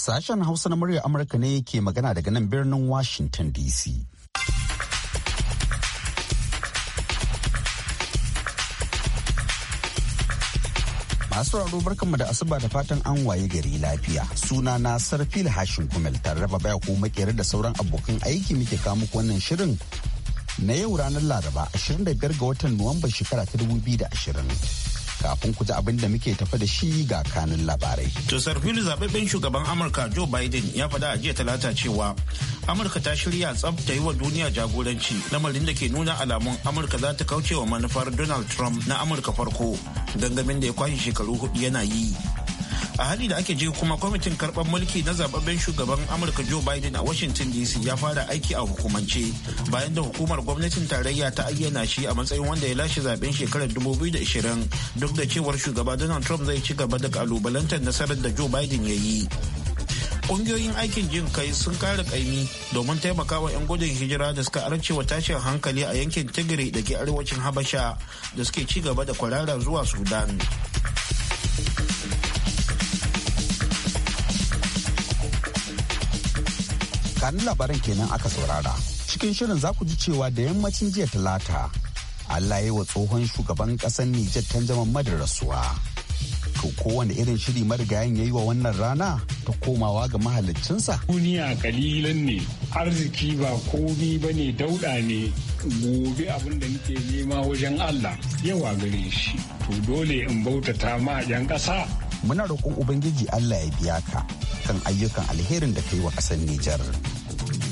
Sashen Hausa na murya Amurka ne ke magana daga nan birnin Washington DC. Masu raro barkanmu da asuba da fatan an waye gari lafiya. Suna na Sarfil Hashin Kumel tare raba baya ko makera da sauran abokan aiki muke kawo muku wannan shirin na yau ranar Laraba 25 ga watan Nuwamban shekara ta 2020. kafin ku ji abin da muke tafa da shi ga kanin labarai. To sarfin zababben shugaban Amurka Joe Biden ya faɗa a jiya talata cewa Amurka ta shirya tsaf ta yi wa duniya jagoranci lamarin da ke nuna alamun Amurka za ta kauce wa manufar Donald Trump na Amurka farko gangamin da ya kwashe shekaru hudu yana yi. a hali da ake je kuma kwamitin karɓar mulki na zababben shugaban amurka joe biden a washington dc ya fara aiki a hukumance bayan da hukumar gwamnatin tarayya ta ayyana shi a matsayin wanda ya lashe zaben shekarar 2020 duk da cewar shugaba donald trump zai ci gaba da kalubalantar nasarar da joe biden ya yi kungiyoyin aikin jin kai sun kara kaimi domin taimakawa 'yan gudun hijira da suka arcewa tashin hankali a yankin tigiri da ke arewacin habasha da suke ci gaba da kwarara zuwa sudan tsakanin labaran kenan aka saurara cikin shirin za ku ji cewa da yammacin jiya talata allah ya yi wa tsohon shugaban ƙasar nijar tanjaman madar rasuwa to kowane irin shiri marigayen ya yi wa wannan rana ta komawa ga mahalicinsa. Duniya kalilan ne, arziki ba komi ba ne dauɗa ne, gobe abin da nake nema wajen Allah yawa gare shi. To dole in bautata ma 'yan ƙasa muna roƙon ubangiji allah ya biya ka kan ayyukan alherin da ka yi wa ƙasar nijar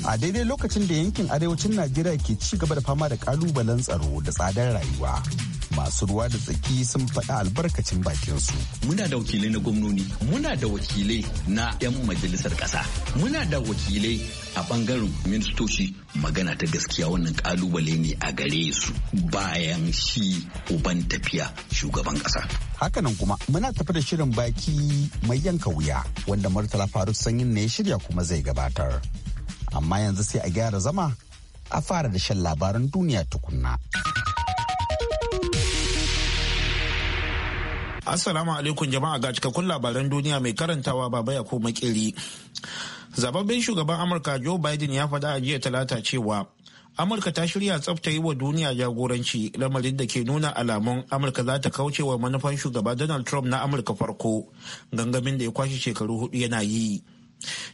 a daidai lokacin da yankin arewacin najeriya ke ci gaba da fama da ƙalubalen tsaro da tsadar rayuwa masu ruwa da tsaki sun faɗa albarkacin bakinsu. Muna da wakilai na gwamnoni, muna da wakilai na 'yan majalisar ƙasa, muna da wakilai a ɓangaren ministoci magana ta gaskiya wannan ƙalubale ne a gare su bayan shi uban tafiya shugaban ƙasa. Hakanan kuma muna tafi da shirin baki mai yanka wuya wanda Murtala Faruk Sanyin ne ya shirya kuma zai gabatar. Amma yanzu sai a gyara zama a fara da shan labaran duniya tukunna. Assalamu alaikum jama'a ga cikakkun labaran duniya mai karantawa baba ya ko makiri. Zababben shugaban Amurka Joe Biden ya faɗa a jiya talata cewa Amurka ta shirya tsafta yi wa duniya jagoranci lamarin da ke nuna alamun Amurka za ta kauce wa manufan shugaba Donald Trump na Amurka farko gangamin da ya kwashe shekaru hudu yana yi.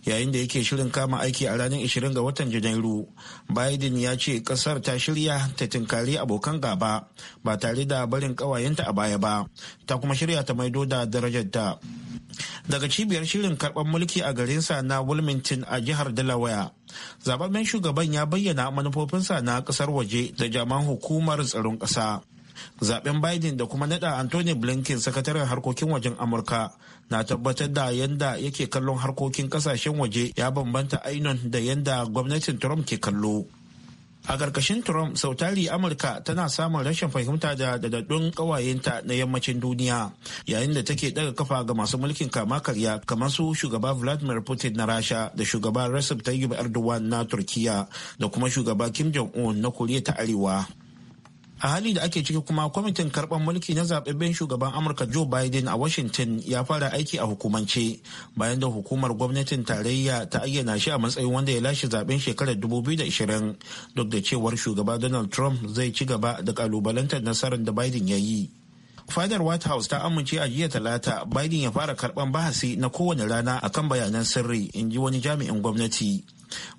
yayin da yake shirin kama aiki a ranar 20 ga watan janairu biden ya ce kasar ta shirya ta tinkari abokan gaba ba tare da barin kawayenta a baya ba ta kuma shirya ta maido da darajarta daga cibiyar shirin karɓar mulki a garinsa na wilmington a jihar delaware zababben shugaban ya bayyana manufofinsa na ƙasar waje da jaman hukumar tsaron ƙasa zaben biden da kuma nada anthony blinken sakataren harkokin wajen amurka na tabbatar da yadda yake kallon harkokin kasashen waje ya bambanta ainon da yadda gwamnatin trump ke kallo a ƙarƙashin trump sautari amurka tana samun rashin fahimta da dadaddun ƙawayenta na yammacin duniya yayin da take ɗaga kafa ga masu mulkin kama karya kamar su shugaba vladimir putin na rasha da shugaba recep tayyip erdogan na turkiya da kuma shugaba kim jong-un na koriya ta arewa a hali da ake ciki kuma kwamitin karɓar mulki na Zababben shugaban amurka joe biden a washington ya fara aiki a hukumance bayan da hukumar gwamnatin tarayya ta ayyana shi a matsayin wanda ya lashe zaɓen shekarar 2020 duk da cewar shugaba donald trump zai ci gaba da kalubalantar nasarar da biden ya yi fadar white house ta amince a jiya talata biden ya fara karban bahasi na kowane rana akan bayanan sirri in ji wani jami'in gwamnati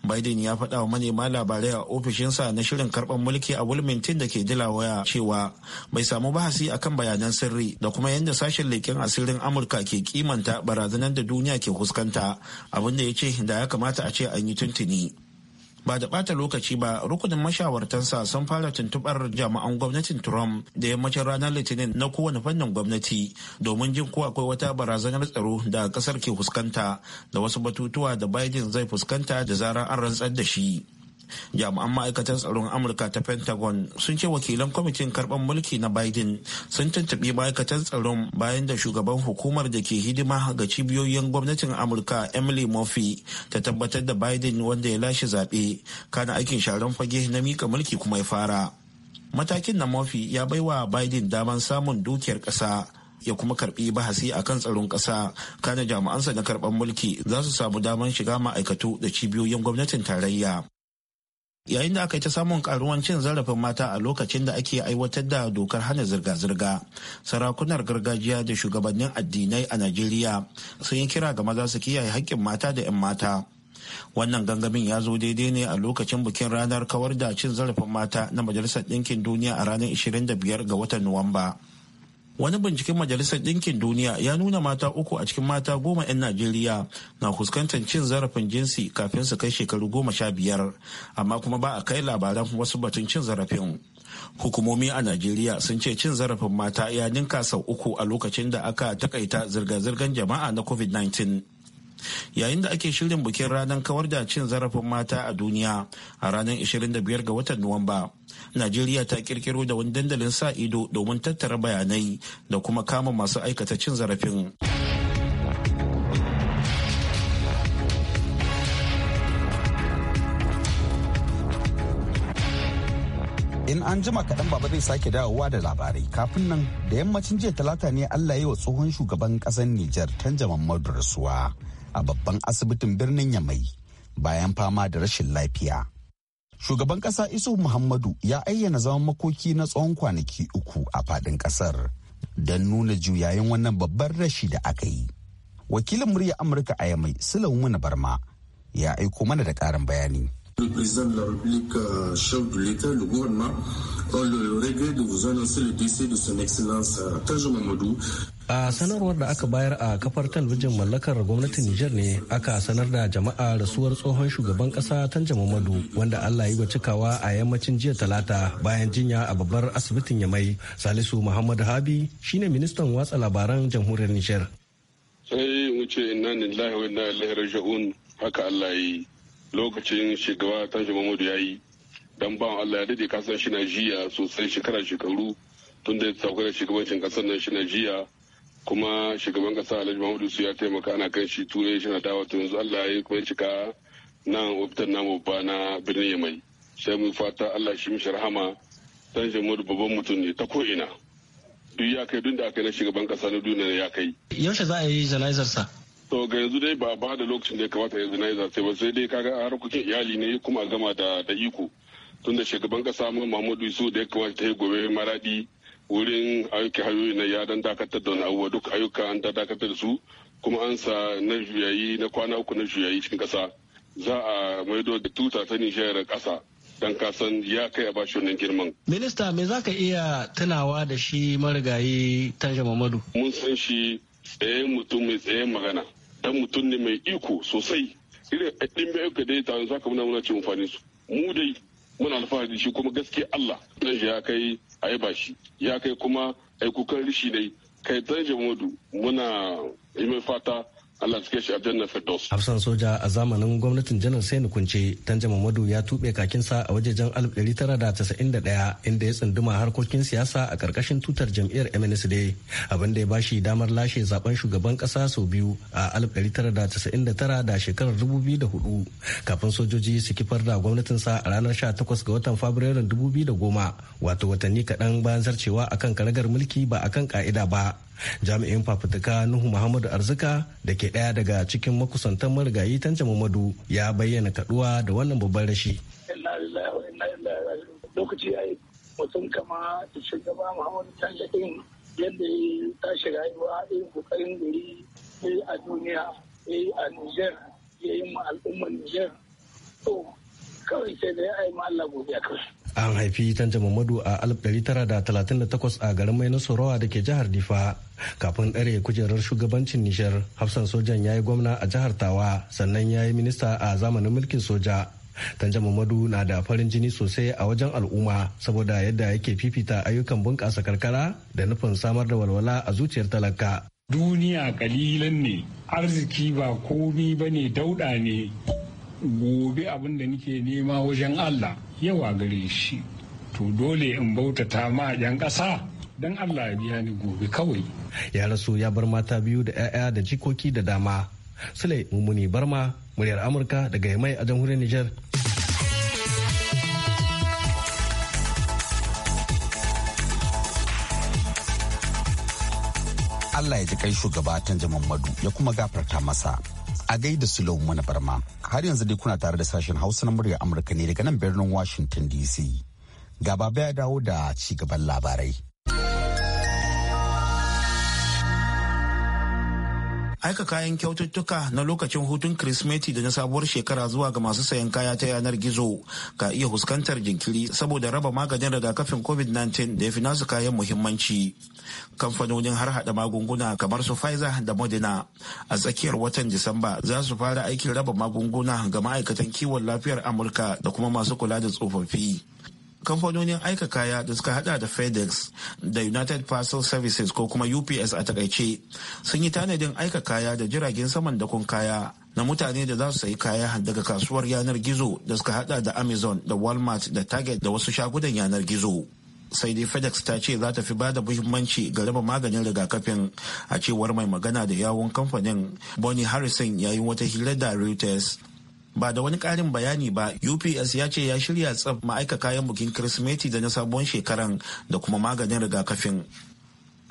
Biden ya faɗa wa manema labarai a ofishinsa na shirin karɓar mulki a Wilmington da ke waya. cewa bai samu bahasi akan bayanan sirri da kuma yadda sashen leƙen asirin Amurka ke kimanta barazanar da duniya ke fuskanta abinda ya ce da ya kamata a ce an yi tuntuni. ba da ɓata lokaci ba rukunin mashawartansa sun fara tuntuɓar jami'an gwamnatin trump da yammacin ranar litinin na kowane fannin gwamnati domin jin ko akwai wata barazanar tsaro da ƙasar ke fuskanta da wasu batutuwa da biden zai fuskanta da zarar an rantsar da shi jami'an ma'aikatan tsaron amurka ta pentagon sun ce wakilan kwamitin karɓar mulki na biden sun tuntuɓi ma'aikatan tsaron bayan da shugaban hukumar da ke hidima ga cibiyoyin gwamnatin amurka emily murphy ta tabbatar da biden wanda ya lashe zaɓe kana aikin sharon fage na mika mulki kuma ya fara matakin na murphy ya bai wa biden daman samun dukiyar ƙasa ya kuma karbi bahasi a kan tsaron ƙasa kana jami'ansa na karɓar mulki za su samu damar shiga ma'aikatu da cibiyoyin gwamnatin tarayya yayin da aka yi ta samun karuwan cin zarafin mata a lokacin da ake aiwatar da dokar hana zirga-zirga sarakunar gargajiya da shugabannin addinai a najeriya sun yi kira ga maza su kiyaye haƙƙin mata da 'yan mata wannan gangamin ya zo daidai ne a lokacin bikin ranar kawar da cin zarafin mata na majalisar ɗinkin duniya a ranar 25 ga watan nuwamba. wani binciken majalisar ɗinkin duniya ya nuna mata uku a cikin mata goma 'yan najeriya na fuskantar cin zarafin jinsi kafin su kai shekaru goma sha biyar amma kuma ba a kai labaran wasu batun cin zarafin hukumomi a najeriya sun ce cin zarafin mata ya ninka sau uku a lokacin da aka takaita zirga-zirgar jama'a na covid-19 yayin da ake shirin bikin ranar kawar da cin zarafin mata a duniya a ranar 25 ga watan nuwamba najeriya ta kirkiro da wani dandalin sa ido domin tattara bayanai da kuma kama masu aikata cin zarafin in an jima kaɗan baba zai sake dawowa da labarai kafin nan da yammacin jiya talata ne allah yi wa tsohon shugaban ƙasar nijar tanjaman madrasuwa rasuwa a babban asibitin birnin Yamai bayan fama da rashin lafiya. Shugaban ƙasa Isu Muhammadu ya ayyana zaman makoki na tsawon kwanaki uku a faɗin ƙasar don nuna juyayin wannan babban rashi da aka yi. Wakilin murya Amurka a Yamai Sulaimu Barma ya aiko mana da ƙarin bayani. Le président de la République, euh, chef de l'État, le gouvernement, ont le regret de vous annoncer le décès de son excellence euh, Tajo Mamadou. A sanarwar da aka bayar a kafar talabijin mallakar gwamnatin Nijar ne aka sanar da jama'a rasuwar tsohon shugaban kasa Tanja Muhammadu wanda Allah yi cikawa a yammacin jiya talata bayan jinya a babbar asibitin Yamai. Salisu Muhammad Habi shine ministan watsa labaran jamhuriyar Nijar. Sai mu ce inna lillahi wa inna ilaihi raji'un haka Allah yi. lokacin shugaba tashi mamadu ya yi ba ban Allah ya dade kasan shi jiya sosai shekara shekaru tun da sauka da shugabancin kasar nan shi jiya kuma shugaban kasa Alhaji Muhammadu su ya taimaka ana kai shi turai shi na dawo to yanzu Allah ya kuma cika nan ofitan namu ba na birnin Yamai sai mu fata Allah shi mishi rahama dan mamadu babban mutum ne ta ko'ina duk ya kai duk da aka yi na shugaban kasa na duniya ya kai yaushe za a yi jana'izar to ga yanzu dai ba ba da lokacin da ya kamata yanzu na yi zance ba sai dai kaga harkokin iyali ne kuma a gama da da iko tunda shugaban kasa mu Muhammadu Isu da ya kamata ya gobe maradi wurin aiki hayoyi na ya dan dakatar da wani abubuwa duk ayyuka an da dakatar da su kuma an sa na juyayi na kwana uku na juyayi cikin kasa za a maido da tuta ta shayar kasa dan kasan ya kai a bashi wannan girman. Minista me za ka iya tunawa da shi marigayi Tanja Mamadu? Mun san shi tsaye mutum mai tsaye magana dan mutum ne mai iko sosai irin ɗimbe ayyuka da ya taru za ka muna muna ce amfanin su mu dai muna alfahari shi kuma gaske Allah dan ya kai a yaba shi ya kai kuma aikukan rishi dai kai dan jamadu muna yi mai fata Allah suke shi aljanna Firdaus. Hafsan soja a zamanin gwamnatin janar Sai Kunce, Tanja Mamadu ya tuɓe kakinsa a wajejen 1991 inda ya tsunduma harkokin siyasa a ƙarƙashin tutar jam'iyyar MNSD, abin da ya ba shi damar lashe zaben shugaban ƙasa sau biyu a 1999 da shekarar 2004 kafin sojoji su kifar da gwamnatinsa a ranar 18 ga watan Fabrairun 2010 wato watanni kaɗan bayan zarcewa akan karagar mulki ba akan ka'ida ba jami'in fafutuka nuhu muhammadu arzika da ke ɗaya daga cikin makusantan marigayi tanja mamadu ya bayyana kaduwa da wannan babban rashi lokaci ya yi mutum kama shugaba muhammadu tanja ɗin yadda ya tashi rayuwa ya kokarin da a duniya ya yi a niger ya yi ma al'ummar niger kawai sai da ya a Allah godiya tara An haifi da takwas a 1938 a garin Mai Nasarawa da ke jihar Difa. Kafin ɗare kujerar shugabancin Nishar, hafsan sojan ya yi gwamna a jihar Tawa, sannan ya yi minista a zamanin mulkin soja. Tanja Mamadu na da farin jini sosai a wajen al'umma saboda yadda yake fifita ayyukan bunƙasa karkara da nufin samar da walwala a zuciyar talaka. Duniya ƙalilan ne, arziki ba komi bane ne dauɗa ne. gobe abin da nike nema wajen Allah yawa gare shi to dole in bautata ma yan ƙasa don Allah ya biya ni gobe kawai. Ya rasu ya bar mata biyu da 'ya'ya da jikoki da dama. Sule Mumuni Barma, muryar Amurka daga Yamai a jamhuriyar Nijar. Allah ya ji kai shugaba Tanji Madu ya kuma gafarta masa. a gaida Sulaimu mana barma har yanzu dai kuna tare da sashen hausa na murya amurka ne daga nan birnin washington dc gaba ya dawo da gaban labarai aika kayan kyaututtuka na lokacin hutun Kirsimeti da na sabuwar shekara zuwa ga masu sayan kaya ta yanar gizo ka iya fuskantar jinkiri saboda raba maganin rigakafin COVID-19 da ya fi nasu kayan muhimmanci. Kamfanonin har hada magunguna kamar su Pfizer da Moderna a tsakiyar watan Disamba za su fara aikin raba magunguna ga ma'aikatan kiwon lafiyar Amurka da kuma masu kula da tsofaffi. kamfanonin aika kaya da suka hada da fedex da united parcel services ko kuma ups a takaice sun yi tanadin aika kaya da jiragen saman dakon kaya na mutane da za su sayi kaya daga kasuwar yanar gizo da suka hada da amazon da walmart da target da wasu shagunan yanar gizo sai dai fedex ta ce za ta fi ba da muhimmanci ga raba maganin rigakafin a cewar mai magana da yawon kamfanin bonnie harrison yayin wata hira da reuters ba da wani karin bayani ba ups ya ce ya shirya tsaf ma'aika kayan bukin kirsimeti da na sabon shekaran da kuma maganin rigakafin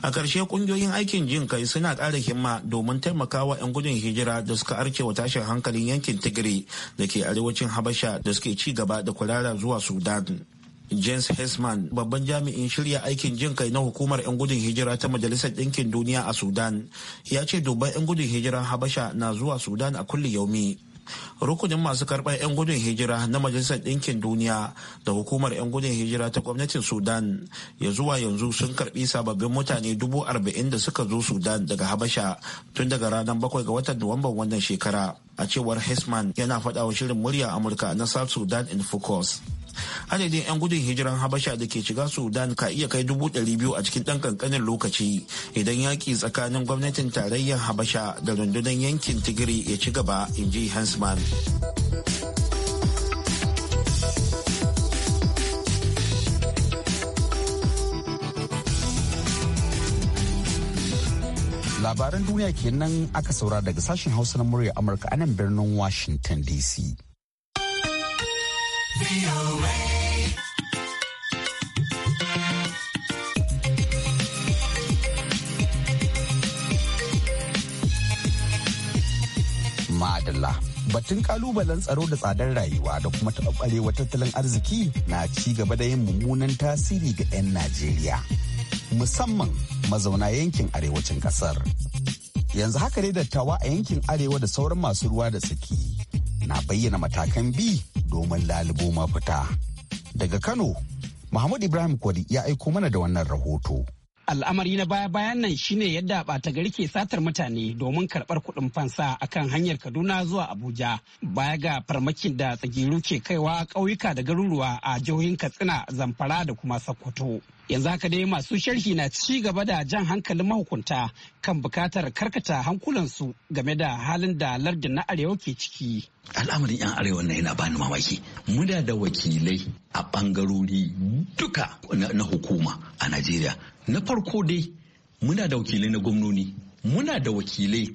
a ƙarshe ƙungiyoyin aikin jin kai suna ƙara himma domin taimakawa 'yan gudun hijira da suka arce wa tashin hankalin yankin tigiri da ke arewacin habasha da suke ci gaba da kurara zuwa sudan james hesman babban jami'in shirya aikin jin kai na hukumar 'yan gudun hijira ta majalisar ɗinkin duniya a sudan ya ce dubban 'yan gudun hijiran habasha na zuwa sudan a kulli yaumi rukunin masu karɓar 'yan gudun hijira na majalisar ɗinkin duniya da hukumar 'yan gudun hijira ta gwamnatin sudan ya zuwa yanzu sun karɓi sababbin mutane dubu arba'in da suka zo sudan daga habasha tun daga ranar bakwai ga watan nuwamban wannan shekara a cewar hisman yana faɗawa shirin murya amurka na south sudan in focus adadin 'yan gudun hijiran habasha da ke shiga sudan ka iya kai dubu ɗari biyu a cikin ɗan ƙanƙanin lokaci idan yaƙi tsakanin gwamnatin tarayyar habasha da rundunar yankin tigiri ya ci gaba in ji hansman labaran duniya kenan aka saura daga sashen hausa na murya amurka a nan birnin washington dc. batun kalubalen tsaro da tsadar rayuwa da kuma taɓaɓɓarewa tattalin arziki na ci gaba da yin mummunan tasiri ga 'yan Najeriya, musamman mazauna yankin arewacin ƙasar. Yanzu haka dai dattawa a yankin arewa da sauran masu ruwa da tsaki na bayyana matakan bi domin lalubo mafita. Daga Kano, Muhammad Ibrahim Kwadi ya aiko mana da wannan rahoto. al'amari na baya bayan nan shine yadda bata gari ke satar mutane domin karbar kuɗin fansa akan hanyar kaduna zuwa abuja baya ga farmakin da tsagiru ke kaiwa ƙauyuka da garuruwa a jihohin katsina zamfara da kuma sokoto yanzu haka dai masu sharhi na ci gaba da jan hankalin mahukunta kan bukatar karkata hankulansu game da halin da lardin na arewa ke ciki al'amarin 'yan arewa na yana bani mamaki muna da wakilai a bangarori duka na hukuma a najeriya na farko dai muna da wakilai na gwamnoni muna da wakilai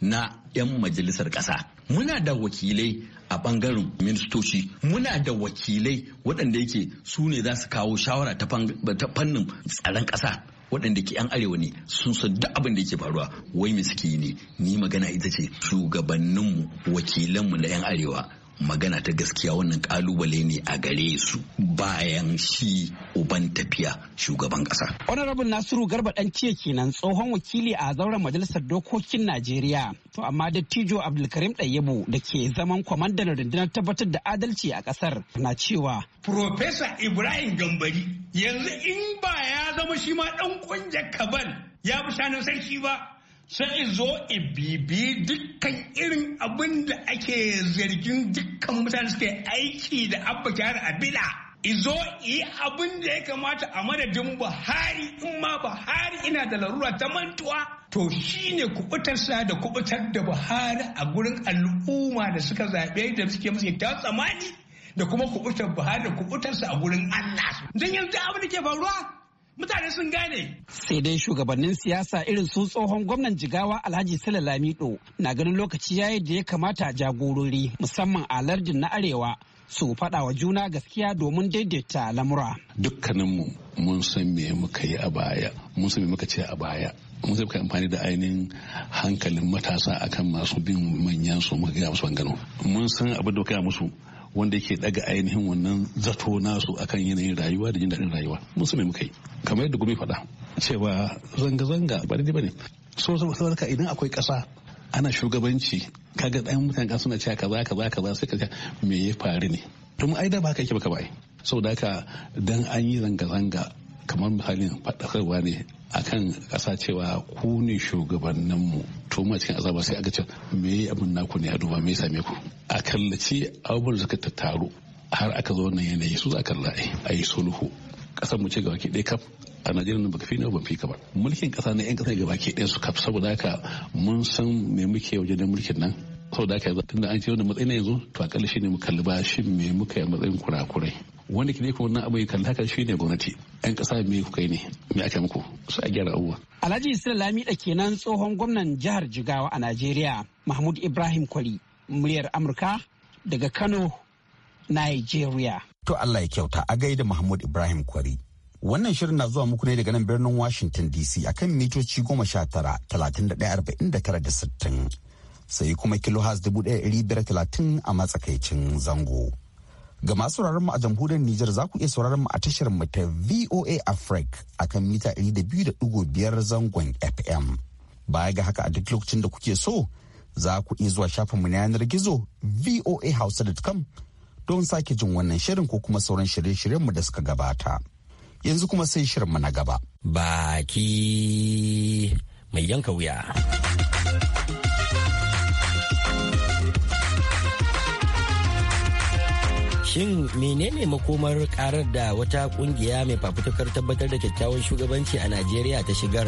na 'yan majalisar ƙasa muna da wakilai a bangaren ministoci muna da wakilai waɗanda yake su ne za su kawo shawara ta fannin tsaron ƙasa waɗanda ke 'yan arewa ne sun san duk abin da yake faruwa wai me suke yi ne ni magana ita ce shugabanninmu wakilanmu na 'yan arewa magana ta gaskiya wannan kalubale ne a gare su bayan shi uban tafiya shugaban kasa. Honorable Nasiru Garba dan ciye kenan tsohon wakili a zauren majalisar dokokin Najeriya. To amma dattijo Abdulkarim Dayyabo da ke zaman kwamandan rundunar tabbatar da adalci a kasar na cewa. Profesa Ibrahim Gambari yanzu in ba ya zama shi ma dan kungiyar kabal ya bi shanin sarki ba sai zo bibi dukkan irin abin da ake zargin dukkan mutane suke aiki da abba kyara a bila izo yi abin da ya kamata a madadin buhari in ma buhari ina da larura ta mantuwa to shine kubutarsa da kubutar da buhari a gurin al'umma da suka zaɓe da suke musu ta tsamani da kuma kubutar buhari da kubutarsa a gurin allah don yanzu abin da ke faruwa mutane sun gane. Sai dai shugabannin siyasa irin su tsohon gwamnan jigawa Alhaji Sale Lamido na ganin lokaci yayi da ya kamata jagorori musamman a lardin na arewa su faɗa wa juna gaskiya domin daidaita lamura. Dukkaninmu mun san me muka yi a baya, mun san me muka ce a baya. mun sai amfani da ainihin hankalin matasa akan masu bin manyan su musu bangano mun san abin da muka musu wanda yake daga ainihin wannan zato nasu akan yanayin rayuwa da jin rayuwa musu mai muka yi kamar yadda gumi faɗa cewa zanga-zanga ba daidai ba ne so saboda idan akwai ƙasa ana shugabanci kaga ɗan mutane kan suna cewa kaza kaza kaza sai ka me ya faru ne to mu aida ba haka yake baka ba ai saboda haka dan an yi zanga-zanga kamar misali faɗakarwa ne a kan ƙasa cewa ku ne shugabanninmu to ma cikin azaba sai aka ce me yi abin naku ne a duba me same ku a kallaci abubuwan suka ta taru har aka zo wannan yanayi su za kalla a yi sulhu ƙasar mu ce gaba ke ɗaya kaf a najeriya ka fi ne ban fi ka ba mulkin ƙasa na yan ƙasar gaba ke ɗaya su kaf saboda haka mun san me muke wajen da mulkin nan saboda haka tunda an ce wani matsayi na yanzu to a ƙalla shi ne mu kalli ba shi me muka yi matsayin kurakurai wanda ke ne ko wannan abu ya kalli haka shi ne gwamnati yan kasa me kuka yi ne me aka muku su a gyara abubuwa alhaji isra da kenan tsohon gwamnan jihar jigawa a najeriya mahmud ibrahim kwari muryar amurka daga kano nigeria to allah ya kyauta a gaida mahmud ibrahim kwari wannan shirin na zuwa muku ne daga nan birnin washington dc akan mitoci goma sha tara talatin da ɗaya arba'in da tara da sittin sai kuma kilo has dubu ɗaya ɗari biyar talatin a matsakaicin zango. Ga masu sauraron mu a jamhuriyar Nijar za ku iya sauraron mu a tashar mu ta VOA Africa akan mita 200.5 zangon FM. Baya ga haka a duk lokacin da kuke so za ku iya zuwa shafin mu na yanar gizo voahouse.com don sake jin wannan shirin ko kuma sauran shirye-shiryen da suka gabata. Yanzu kuma sai shirin mu na gaba. Baki mai yanka wuya. Shin menene makomar karar da wata kungiya mai fafutukar tabbatar da kyakkyawan shugabanci a Najeriya ta shigar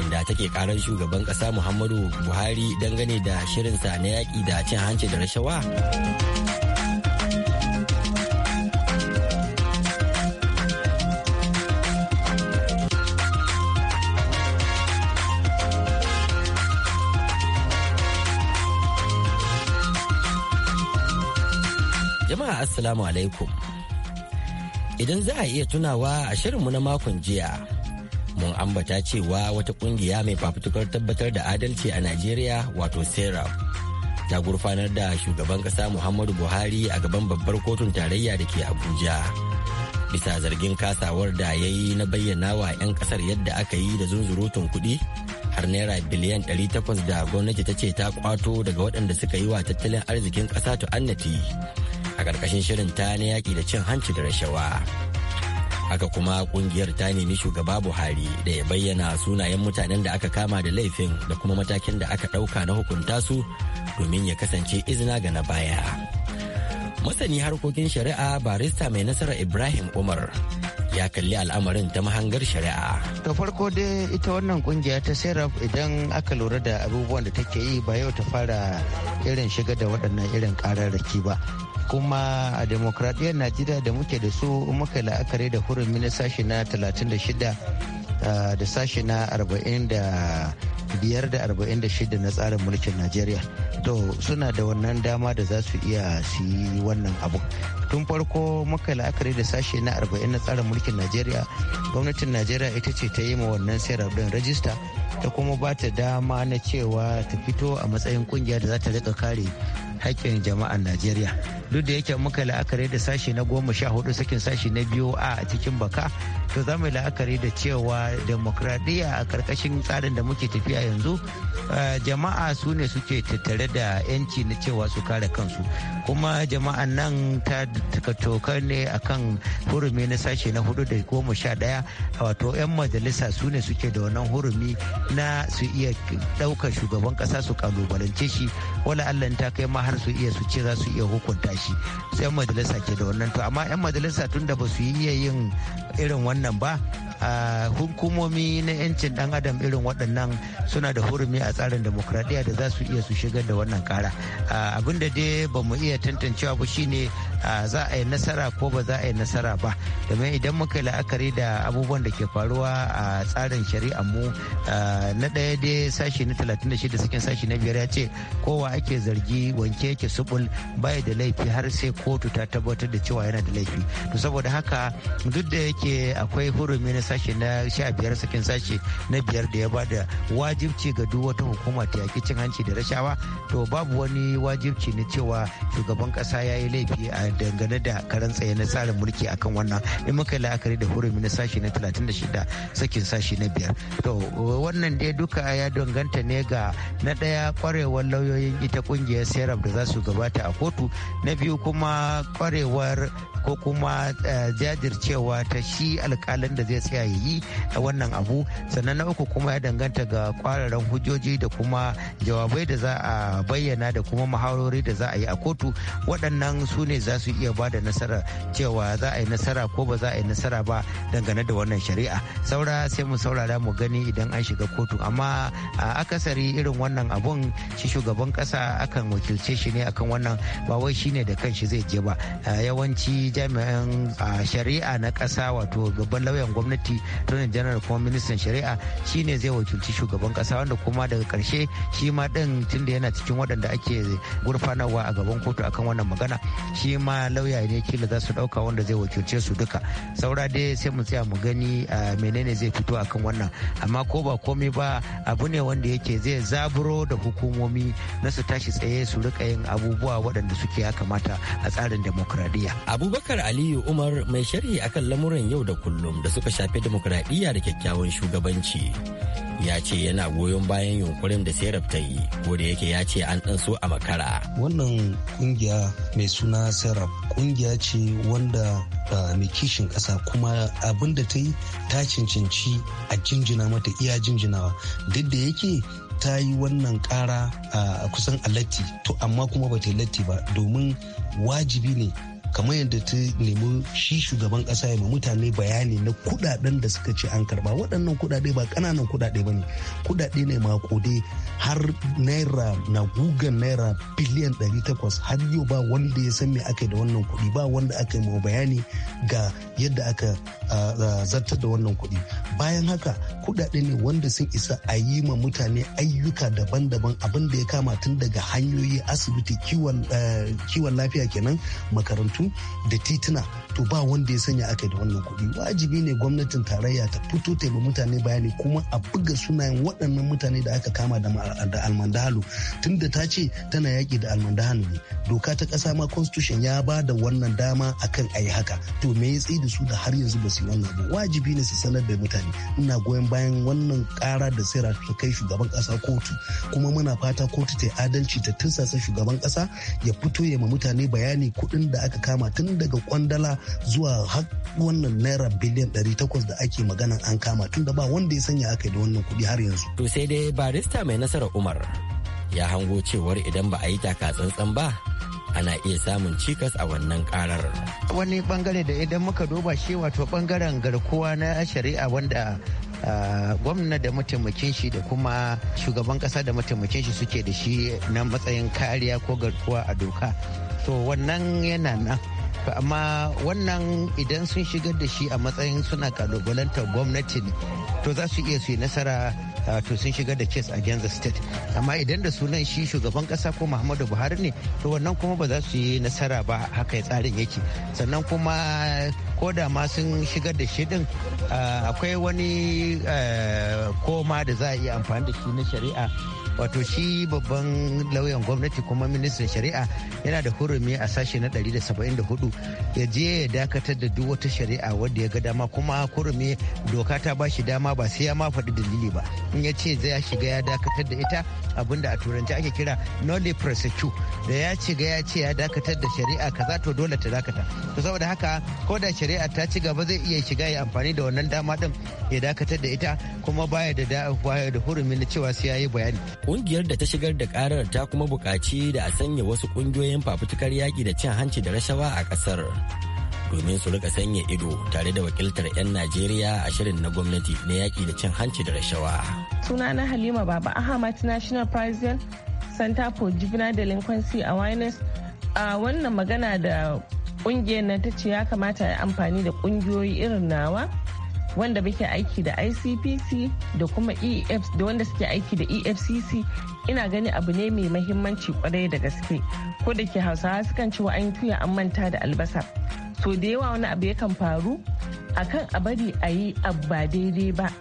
inda take karar shugaban kasa Muhammadu Buhari dangane da shirinsa na yaki da cin hanci da rashawa? assalamu alaikum. Idan za a iya tunawa a shirinmu na makon jiya, mun ambata cewa wata kungiya mai fafutukar tabbatar da adalci a Najeriya wato sera ta gurfanar da shugaban kasa Muhammadu Buhari a gaban babbar kotun tarayya da ke Abuja. Bisa zargin kasawar da ya yi na bayyana wa 'yan kasar yadda aka yi da zunzurutun kuɗi har naira biliyan 800 da gwamnati ta ce ta kwato daga waɗanda suka yi wa tattalin arzikin ƙasa to annati a ƙarƙashin shirin ta na yaƙi da cin hanci da rashawa. Haka kuma ƙungiyar ta nemi shugaba Buhari da ya bayyana sunayen mutanen da aka kama da laifin da kuma matakin da aka ɗauka na hukunta su domin ya kasance izina ga na baya. Masani harkokin shari'a barista mai nasara Ibrahim Umar ya kalli al'amarin ta mahangar shari'a. ta farko dai ita wannan kungiya ta Seraf idan aka lura da abubuwan da take yi ba yau ta fara irin shiga da waɗannan irin ƙararraki ba. kuma a demokradiyyar najeriya da muke da su muka la'akari da hurumi na sashi na 36 ah, da sashi na da biyar da arba'in da shida na tsarin mulkin najeriya to suna da wannan dama da za su iya su yi wannan abu tun farko muka la'akari da sashe na arba'in na tsarin mulkin najeriya gwamnatin najeriya ita ce ta yi ma wannan sayar don rajista ta kuma ba ta dama na cewa ta fito a matsayin kungiya da za ta rika kare haƙƙin jama'ar najeriya duk da yake muka la'akari da sashe na goma sha hudu sakin sashe na biyu a cikin baka to za mu la'akari da cewa demokradiyya a karkashin tsarin da muke tafiya a yanzu eh, jama'a su ne suke tattare da 'yanci na cewa su kare kansu kuma jama'a nan ta takatoka ne akan hurumi na sashe na hudu da goma sha daya wato 'yan majalisa su ne suke da wannan hurumi na su iya daukar shugaban kasa su kalubalance shi wala allah ta kai ma har su iya su ce za su iya hukunta shi sai 'yan majalisa ke da wannan to amma 'yan majalisa tun da ba su iya yin irin wannan ba hukumomi na 'yancin dan adam irin waɗannan suna da hurumi a tsarin demokradiyya da za su iya su shigar da wannan kara abin da dai ba mu iya tantancewa ba shine za a yi nasara ko ba za a yi nasara ba domin idan muka yi la'akari da abubuwan da ke faruwa a tsarin shari'a mu na ɗaya dai sashi na 36 cikin sashi na biyar ya ce kowa ake zargi wanke yake subul bai da laifi har sai kotu ta tabbatar da cewa yana da laifi to saboda haka duk da yake akwai hurumi na sashe na sha biyar sakin sashe na biyar da ya bada wajibci ga duk wata hukuma ta yaki cin hanci da rashawa to babu wani wajibci na cewa shugaban kasa ya yi laifi a dangane da karan tsaye na tsarin mulki akan wannan in muka yi la'akari da hurumi na sashe na 36 sakin sashe na biyar to wannan dai duka ya danganta ne ga na ɗaya kwarewar lauyoyin ita kungiyar serap da za su gabata a kotu na biyu kuma kwarewar ko kuma eh, jajircewa ta shi alkalin da zai tsaya lafiya ya yi a wannan abu sannan na uku kuma ya danganta ga kwararan hujjoji da kuma jawabai da za a bayyana da kuma maharori da za a yi a kotu waɗannan su ne za su iya ba da nasara cewa za a yi nasara ko ba za a yi nasara ba dangane da wannan shari'a saura sai mu saurara mu gani idan an shiga kotu amma a akasari irin wannan abun shi shugaban kasa akan wakilce shi ne akan wannan ba wai shine da kanshi zai je ba yawanci jami'an shari'a na ƙasa wato gaban lauyan gwamnati gwamnati attorney general kuma ministan shari'a shine zai wakilci shugaban kasa wanda kuma daga karshe shi ma din tunda yana cikin waɗanda ake gurfanarwa a gaban kotu akan wannan magana shi ma lauya ne kila za su ɗauka wanda zai wakilce su duka saura dai sai mu tsaya mu gani menene zai fito akan wannan amma ko ba komai ba abu ne wanda yake zai zaburo da hukumomi na su tashi tsaye su rika yin abubuwa waɗanda suke ya kamata a tsarin demokradiyya abubakar aliyu umar mai sharhi akan lamuran yau da kullum da suka shafi kafa demokuraɗiyya da kyakkyawan shugabanci ya ce yana goyon bayan yunkurin da serap ta yi ko da yake ya ce an ɗan so a makara wannan kungiya mai suna serap kungiya ce wanda mai kishin ƙasa kuma abin da ta yi ta cincinci a jinjina mata iya jinjinawa duk da yake ta yi wannan ƙara a kusan alatti to amma kuma ba ta latti ba domin wajibi ne kamar yadda ta nemi shi shugaban kasa ya mutane bayani na kudaden da suka ce an karba waɗannan kudade ba ƙananan kudade ba ne kudade ne makode har naira na gugan naira biliyan 800 har yau ba wanda ya san me aka yi da wannan kuɗi ba wanda aka yi bayani ga yadda aka zartar da wannan kuɗi bayan haka kudade ne wanda sun isa a yi ma mutane ayyuka daban-daban abin da ya kama tun daga hanyoyi asibiti kiwon eh, lafiya kenan makarantu makarantu da tituna to ba wanda ya sanya aka da wannan kuɗi wajibi ne gwamnatin tarayya ta fito ta yi mutane bayani kuma a buga sunayen waɗannan mutane da aka kama da almandahalu tunda ta ce tana yaƙi da almandahalu ne doka ta ƙasa ma constitution ya ba da wannan dama akan a yi haka to me ya tsaye da su da har yanzu ba su yi wannan ba wajibi ne su sanar da mutane ina goyon bayan wannan ƙara da sira ta kai shugaban ƙasa kotu kuma muna fata kotu ta yi adalci ta tursasa shugaban ƙasa ya fito ya ma mutane bayani kuɗin da aka kama tun daga kwandala zuwa har wannan naira biliyan 800 da ake magana an kama tun da ba wanda ya sanya aka yi da wannan kuɗi har yanzu. To sai dai barista mai nasarar Umar ya hango cewar idan ba a yi taka tsantsan ba ana iya samun cikas a wannan karar. Wani bangare da idan muka duba shi wato bangaren garkuwa na shari'a wanda gwamna da mataimakin shi da kuma shugaban kasa da mataimakin shi suke da shi na matsayin kariya ko garkuwa a doka to wannan yana nan amma wannan idan sun shigar da shi a matsayin suna kalubalantar gwamnati ne to za su iya su yi nasara to sun shigar da case against the state amma idan da sunan shi shugaban kasa ko muhammadu buhari ne to wannan kuma ba za su yi nasara ba haka ya tsarin yake sannan kuma ko da ma sun shigar da shi din akwai wani eh, koma da za a iya amfani da shi na shari'a wato shi babban lauyan gwamnati kuma ministan shari'a yana da hurumi a sashe na 174 ya je ya dakatar da duk wata shari'a wadda ya ga dama kuma hurumi doka ta ba shi dama ba sai ya ma faɗi dalili ba in ya ce zai shiga ya dakatar da ita abinda a turanci ake kira nolly prosecute da ya shiga ya ce ya dakatar da shari'a kaza to dole ta dakata to saboda haka ko da shari'a ta ci gaba zai iya shiga ya amfani da wannan dama din ya dakatar da ita kuma baya da hurumi na cewa sai ya yi bayani Kungiyar da ta shigar da karar ta kuma bukaci da a sanya wasu kungiyoyin fafutukar yaƙi da cin hanci da rashawa a ƙasar. Domin su rika sanya ido tare da wakiltar 'yan Najeriya a shirin na gwamnati na yaƙi da cin hanci da rashawa. Sunana Halima Baba Ahmad National prison Center for Juvenile Delinquency Awareness. A wannan magana da kungiyar na ta ce ya kamata a amfani da kungiyoyi irin nawa wanda muke aiki da icpc da kuma ef da wanda suke aiki da efcc ina gani abu ne mai mahimmanci kwarai da gaske ko da ke hausawa sukan cewa an tuya an manta da albasa so da yawa wani abu yakan faru akan a bari a yi abu ba daidai ba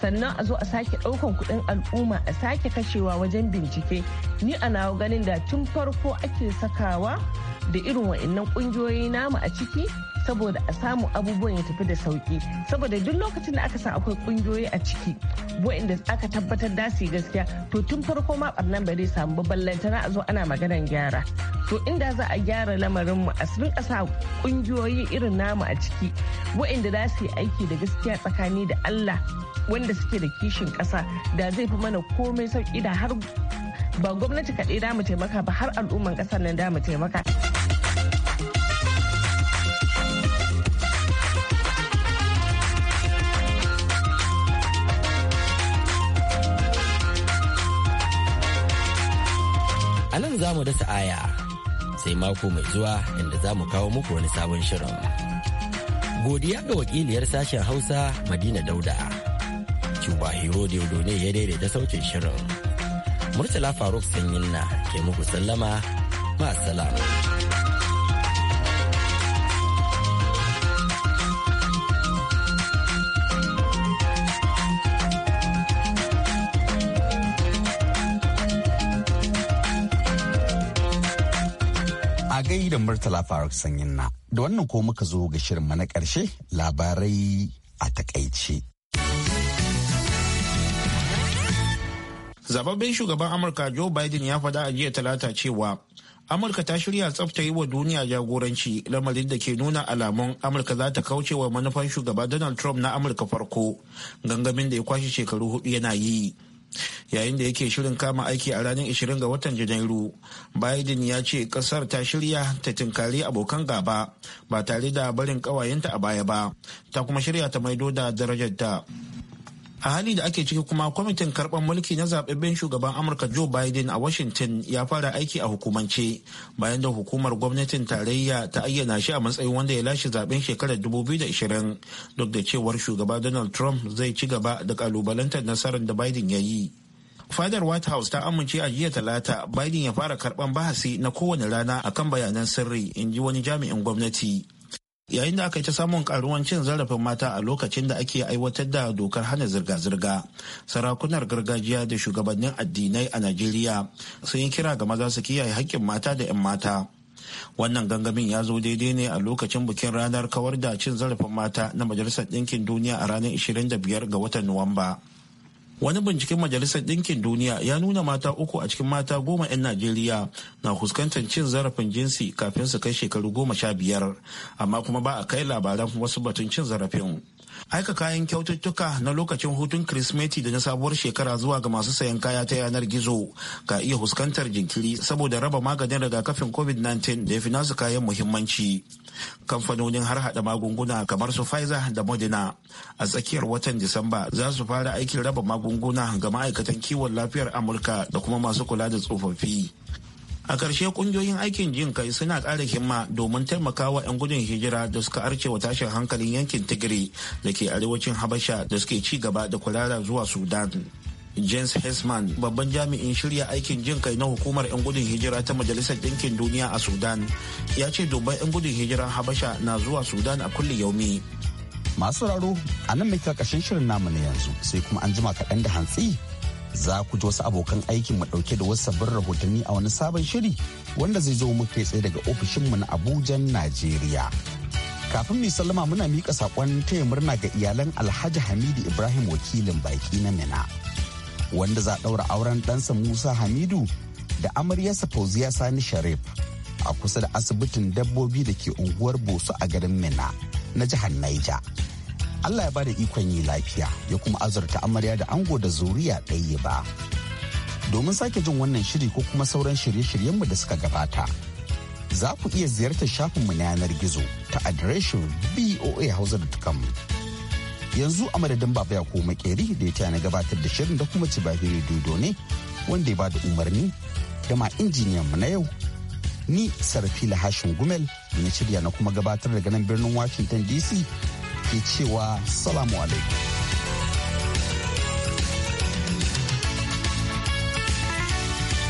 sannan a zo a sake ɗaukan kuɗin al'umma a sake kashewa wajen bincike ni a ganin da tun farko ake sakawa da irin wa'annan kungiyoyi namu a ciki saboda a samu abubuwan ya tafi da sauki saboda duk lokacin da aka sa akwai kungiyoyi a ciki wa'inda aka tabbatar da su gaskiya to tun farko ma barnan ba zai samu ballantana a zo ana maganan gyara to inda za a gyara lamarin mu a sun kasa kungiyoyi irin namu a ciki wa'inda za su yi aiki da gaskiya tsakani da Allah wanda suke da kishin kasa da zai fi mana komai sauki da har ba gwamnati kaɗai da mu taimaka ba har al'umman ƙasar nan da mu taimaka. A nan za mu dasa aya sai mako mai zuwa inda za mu kawo muku wani sabon shirin. Godiya ga wakiliyar sashen Hausa Madina Dauda. Cuba Hero ne ya daidaita sautin shirin. Murtala Faruk Sanyin na ke muku sallama ma'asala. a gai da Murtala Faruk Sanyin na. Da wannan ko muka zo ga shirinmu na ƙarshe labarai a takaice. zababben shugaban amurka joe biden ya faɗa a jiya talata cewa amurka ta shirya tsafta yi wa duniya jagoranci lamarin da ke nuna alamun amurka za ta kauce wa manufan shugaba donald trump na amurka farko gangamin da ya kwashe shekaru hudu yana yi yayin da yake shirin kama aiki a ranar 20 ga watan janairu biden ya ce kasar ta shirya ta tinkari abokan gaba ba tare da barin kawayenta a baya ba ta kuma shirya ta maido da darajarta a hali da ake ciki kuma kwamitin karɓar mulki na zaɓaɓɓen shugaban amurka joe biden a washington ya fara aiki a hukumance bayan da hukumar gwamnatin tarayya ta ayyana shi a matsayin wanda ya lashe zaɓen shekarar 2020 duk da cewar shugaba donald trump zai ci gaba da kalubalantar nasarar da biden ya yi fadar white house ta amince a jiya talata biden ya fara karɓar bahasi na kowane rana akan bayanan sirri in ji wani jami'in gwamnati yayin da aka yi ta samun karuwan cin zarafin mata a lokacin da ake aiwatar da dokar hana zirga-zirga sarakunar gargajiya da shugabannin addinai a najeriya sun yi kira ga maza su kiyaye haƙƙin mata da 'yan mata wannan gangamin ya zo daidai ne a lokacin bikin ranar kawar da cin zarafin mata na majalisar ɗinkin duniya a ranar 25 ga watan nuwamba wani binciken majalisar ɗinkin duniya ya nuna mata uku a cikin mata goma 'yan najeriya na huskantar cin zarafin jinsi kafin su kai shekaru goma sha biyar amma kuma ba a kai labaran wasu batun cin zarafin aika kayan kyaututtuka na lokacin hutun kirismeti da na sabuwar shekara zuwa ga masu sayan kaya ta yanar gizo ka iya huskantar jinkiri saboda raba maganin rigakafin covid-19 da ya fi nasu kayan muhimmanci kamfanonin har hada magunguna kamar su pfizer da modena a tsakiyar watan disamba za su fara aikin raba magunguna magunguna ga ma'aikatan kiwon lafiyar amurka da kuma masu kula da tsofaffi a ƙarshe ƙungiyoyin aikin jin kai suna ƙara himma domin taimakawa 'yan gudun hijira da suka arce wa tashin hankalin yankin tigiri da ke arewacin habasha da suke ci gaba da kulara zuwa sudan james hesman babban jami'in shirya aikin jin kai na hukumar 'yan gudun hijira ta majalisar ɗinkin duniya a sudan ya ce dubban 'yan gudun hijiran habasha na zuwa sudan a kulli yaumi masu sauraro a nan mai karkashin shirin namu na yanzu sai kuma an jima kaɗan da hantsi za ku ji wasu abokan aikin mu ɗauke da wasu sabbin rahotanni a wani sabon shiri wanda zai zo muka tsaye daga ofishinmu na abujan najeriya kafin mai sallama muna miƙa saƙon taya murna ga iyalan alhaji hamidu ibrahim wakilin baki na mina wanda za ɗaura auren ɗansa musa hamidu da amaryarsa fauziya sani sharif a kusa da asibitin dabbobi da ke unguwar boso a garin mina na jihar naija Allah ya bada ikon yi lafiya ya kuma azurta amarya da ango da zuriya ɗaya ba. Domin sake jin wannan shiri ko kuma sauran shirye-shiryenmu da suka gabata. Za ku iya ziyartar shafinmu na yanar gizo ta adireshin voahausa.com. Yanzu a madadin baba ya koma makeri da ya na gabatar da shirin da kuma ci bahiri dodo ne wanda ya bada umarni da ma mu na yau ni sarfila hashin gumel na shirya na kuma gabatar daga nan birnin washington dc ke cewa salamu alaikum.